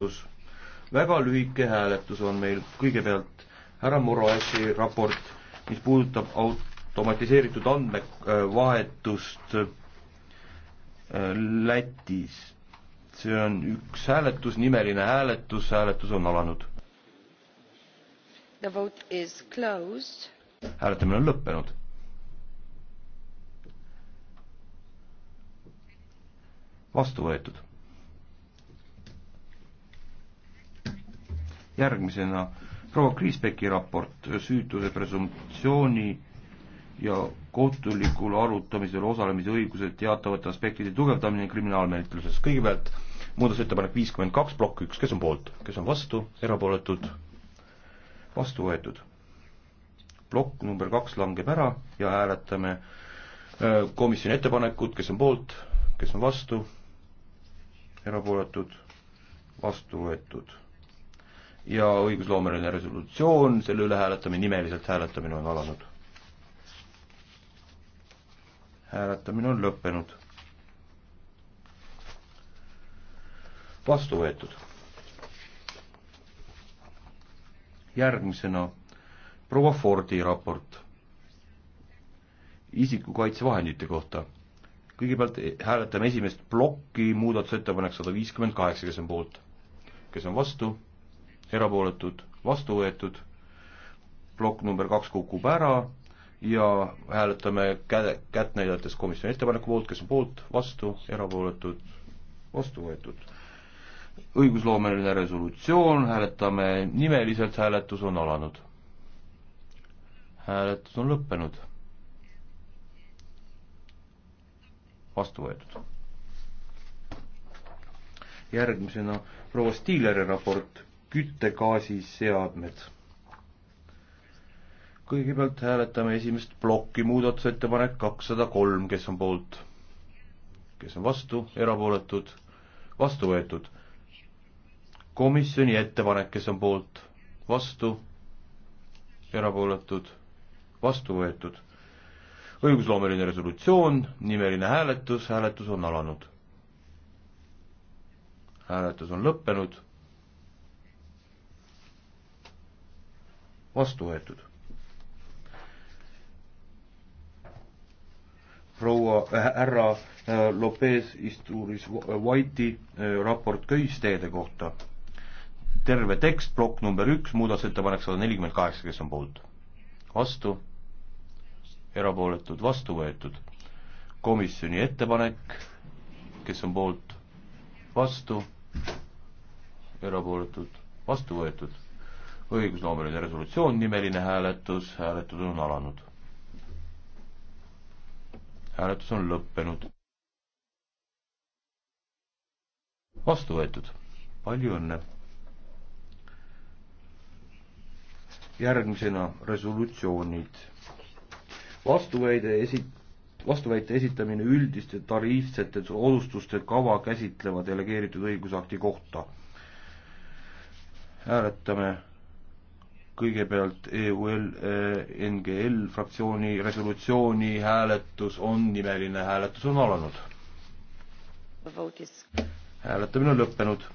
hääletus. väga lühike hääletus on meil kõigepealt härra Moroesi raport, mis puudutab automatiseeritud andmevahetust äh, Lätis. see on üks hääletus, nimeline hääletus, hääletus on alanud. hääletamine on lõppenud. vastu võetud. järgmisena proua Kriisbeki raport süütuse presumptsiooni ja kohtulikul arutamisel osalemise õiguse teatavate aspektide tugevdamine kriminaalmenetluses. kõigepealt muudatusettepanek viiskümmend kaks, plokk üks, kes on poolt, kes on vastu, erapooletud, vastu võetud. plokk number kaks langeb ära ja hääletame äh, komisjoni ettepanekut, kes on poolt, kes on vastu, erapooletud, vastu võetud ja õigusloomeline resolutsioon, selle üle hääletame, nimeliselt hääletamine on alanud. hääletamine on lõppenud. vastu võetud. järgmisena proua Fordi raport isikukaitsevahendite kohta. kõigepealt hääletame esimest plokki, muudatusettepanek sada viiskümmend kaheksa, kes on poolt, kes on vastu erapooletud, vastu võetud, plokk number kaks kukub ära ja hääletame käe, kätt näidates komisjoni ettepaneku poolt, kes on poolt, vastu, erapooletud, vastu võetud. õigusloomeline resolutsioon, hääletame nimeliselt, hääletus on alanud. hääletus on lõppenud. vastu võetud. järgmisena proua Stiileri raport küttegaasiseadmed. kõigepealt hääletame esimest plokki, muudatusettepanek kakssada kolm, kes on poolt, kes on vastu, erapooletud, vastu võetud. komisjoni ettepanek, kes on poolt, vastu, erapooletud, vastu võetud. õigusloomeline resolutsioon, nimeline hääletus, hääletus on alanud. hääletus on lõppenud vastu võetud. proua äh,, härra äh, Lopez istuuris äh, White'i äh, raport köisteede kohta. terve tekst, plokk number üks, muudatusettepanek sada nelikümmend kaheksa, kes on poolt? vastu, erapooletud, vastu võetud. komisjoni ettepanek, kes on poolt? vastu, erapooletud, vastu võetud õigusloomeline resolutsioon, nimeline hääletus, hääletus on alanud. hääletus on lõppenud. vastu võetud, palju õnne. järgmisena resolutsioonid. vastuväide esi-, vastuväite esitamine üldiste tariifsete soodustuste kava käsitleva delegeeritud õigusakti kohta. hääletame kõigepealt EUL e, NGL fraktsiooni resolutsiooni hääletus on nimeline hääletus on alanud. hääletamine on lõppenud.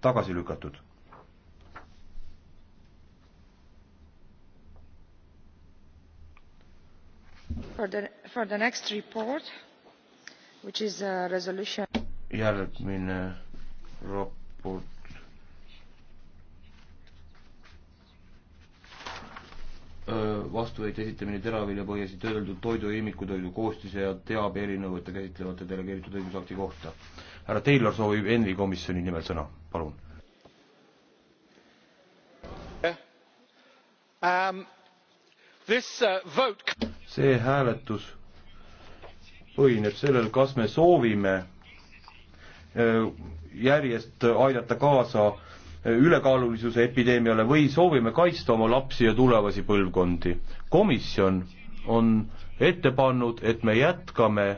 tagasi lükatud. For the, for the next report, which is a resolution. järgmine raport. vastuväite esitamine teraviljapõhjasi töödeldud toidu ja imikutoidu koostise ja teabe erinõuete käsitlevate delegeeritud õigusakti kohta. härra Taylor soovib ENVI komisjoni nimel sõna, palun. Um, uh, see hääletus põhineb sellel, kas me soovime järjest aidata kaasa ülekaalulisuse epideemiale või soovime kaitsta oma lapsi ja tulevasi põlvkondi. komisjon on ette pannud, et me jätkame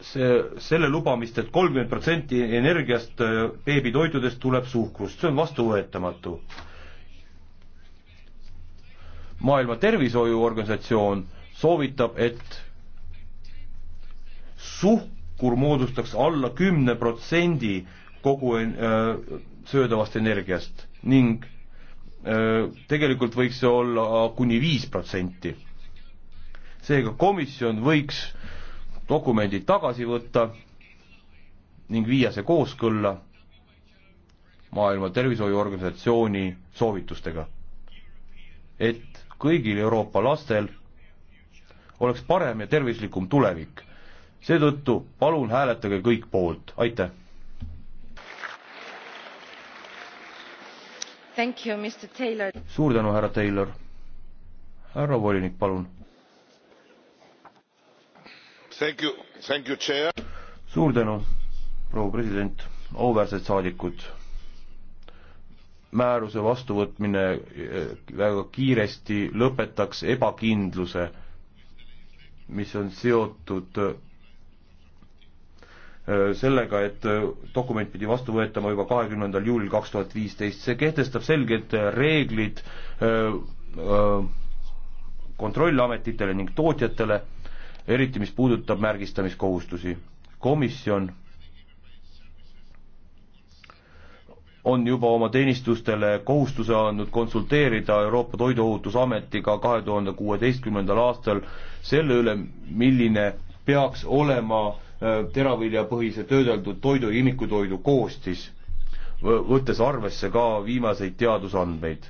see, selle lubamist et, et kolmkümmend protsenti energiast äh, beebitoitudest tuleb suhkrust, see on vastuvõetamatu. maailma Tervishoiuorganisatsioon soovitab, et suhkur moodustaks alla kümne protsendi kogu en, öö, äh, söödavast energiast ning öö, äh, tegelikult võiks see olla äh, kuni viis protsenti. seega komisjon võiks dokumendid tagasi võtta ning viia see kooskõlla Maailma Tervishoiuorganisatsiooni soovitustega, et kõigil Euroopa lastel oleks parem ja tervislikum tulevik seetõttu palun hääletage kõik poolt, aitäh! suur tänu, härra Taylor! härra volinik, palun! suur tänu, proua president, auväärsed saadikud! määruse vastuvõtmine eh, väga kiiresti lõpetaks ebakindluse, mis on seotud Äh, sellega, et äh, dokument pidi vastu võetama juba kahekümnendal juulil kaks tuhat viisteist, see kehtestab selged äh, reeglid kontrollametitele ning tootjatele, eriti mis puudutab märgistamiskohustusi. komisjon on juba oma teenistustele kohustuse andnud konsulteerida Euroopa Toiduohutusametiga kahe tuhande kuueteistkümnendal aastal selle üle, milline peaks olema Äh, teraviljapõhise töödeldud toidu ja imikutoidu koostis, võttes arvesse ka viimaseid teadusandmeid.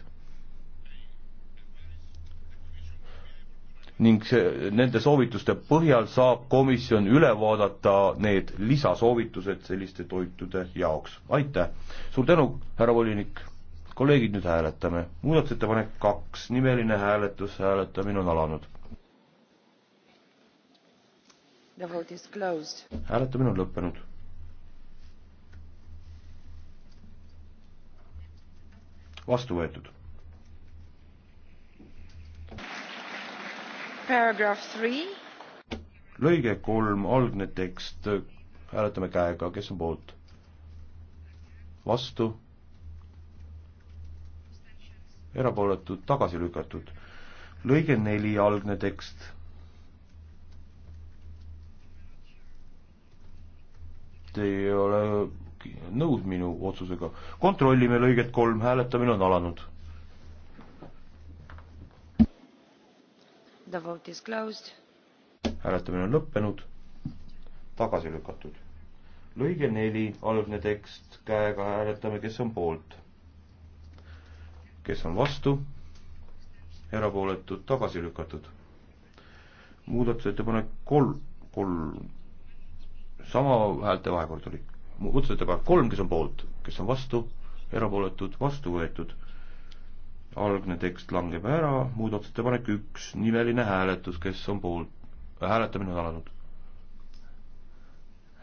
ning see, nende soovituste põhjal saab komisjon üle vaadata need lisasoovitused selliste toitude jaoks. aitäh! suur tänu, härra volinik! kolleegid, nüüd hääletame. muudatusettepanek kaks, nimeline hääletus, hääletamine on alanud hääletamine on lõppenud. vastu võetud. lõige kolm, algne tekst, hääletame käega, kes on poolt? vastu? erapooletud, tagasi lükatud. lõige neli, algne tekst Te ei ole nõud minu otsusega. kontrollime lõiget kolm, hääletamine on alanud. The vote is closed. hääletamine on lõppenud, tagasi lükatud. lõige neli, algne tekst, käega hääletame, kes on poolt. kes on vastu, erapooletud, tagasi lükatud. muudatusettepanek kolm, kolm sama häälte vahekord oli. muudatusettepanek kolm, kes on poolt, kes on vastu, erapooletud, vastu võetud. algne tekst langeb ära, muudatusettepanek üks, nimeline hääletus, kes on poolt, hääletamine on alanud.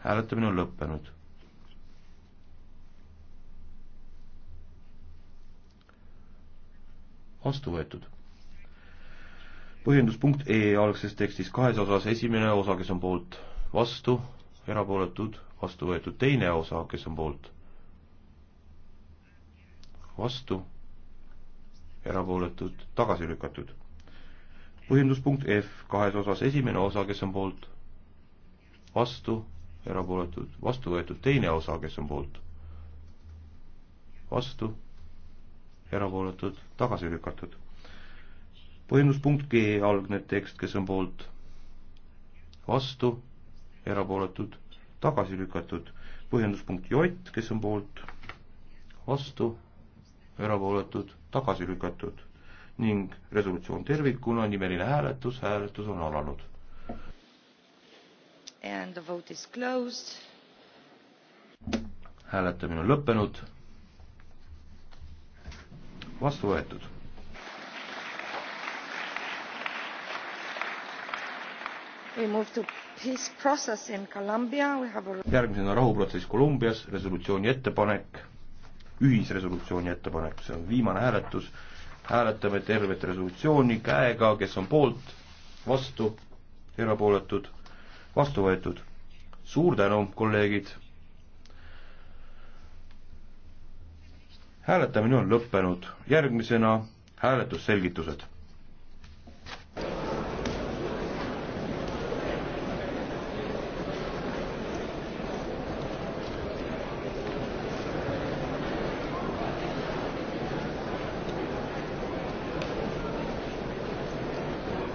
hääletamine on lõppenud. vastu võetud põhjenduspunkt E algses tekstis kahes osas, esimene osa, kes on poolt vastu, erapooletud, vastu võetud teine osa, kes on poolt, vastu, erapooletud, tagasi lükatud. põhjenduspunkt F kahes osas, esimene osa, kes on poolt, vastu, erapooletud, vastu võetud teine osa, kes on poolt, vastu, erapooletud, tagasi lükatud. põhjenduspunkt G algne tekst, kes on poolt, vastu erapooletud, tagasi lükatud. põhjenduspunkt J, kes on poolt, vastu, erapooletud, tagasi lükatud ning resolutsioon tervikuna, nimeline hääletus, hääletus on alanud. And the vote is closed. hääletamine on lõppenud. vastu võetud we move to järgmisena rahuprotsess Kolumbias, resolutsiooni ettepanek, ühisresolutsiooni ettepanek, see on viimane hääletus, hääletame tervet resolutsiooni käega, kes on poolt, vastu, erapooletud, vastu võetud. suur tänu, kolleegid! hääletamine on lõppenud, järgmisena hääletusselgitused.